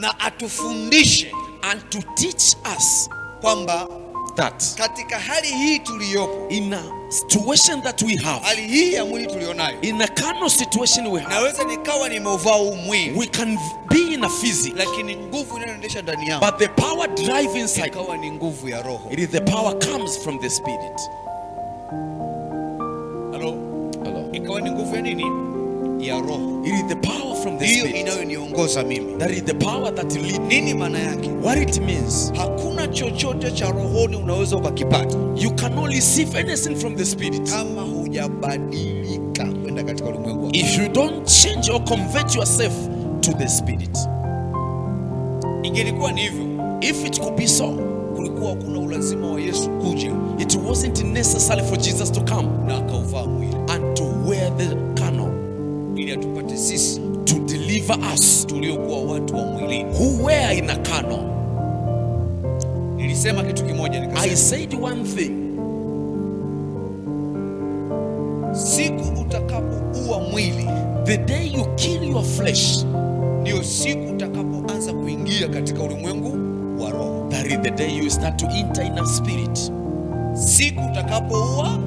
na atufundishe and to teach us kwamba that katika hali hii tuliyopo, in a situation that we have, hali hii ya mwili tulionayo, in a carnal situation we have, naweza nikawa nimeuvaa huu we can be in a physic, lakini nguvu inayoendesha ndani yangu, but the power drive inside, ikawa ni nguvu ya roho, it is the power comes from the spirit. Hello, hello, ikawa ni nguvu ya nini? Ya roho, it is the power from the Spirit. inayoniongoza mimi. That is the power that lead Nini maana yake? What it means. Hakuna chochote cha rohoni unaweza ukakipata. You cannot receive anything from the spirit. Kama hujabadilika kwenda katika ulimwengu. If you don't change or convert yourself to the spirit. Ingelikuwa ni hivyo. If it could be so. Kulikuwa kuna ulazima wa Yesu kuja. It wasn't necessary for Jesus to come. Na akauvaa mwili. And to wear the kernel. Ili atupate sisi to deliver us tuliokuwa watu wa mwilini who were in a carnal. Nilisema kitu kimoja nikasema, I said one thing, siku utakapoua mwili, the day you kill your flesh, ndio siku utakapoanza kuingia katika ulimwengu wa roho, that is the day you start to enter in a spirit, siku utakapoua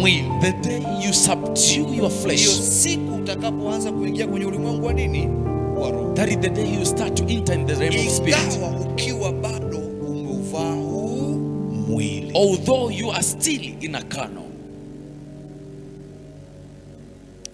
mwili. The day you subdue your flesh. Hiyo siku utakapoanza kuingia kwenye ulimwengu wa nini? Wa roho. That is the day you start to enter in the realm of spirit. Ingawa ukiwa bado umeuvaa huu mwili. Although you are still in a carnal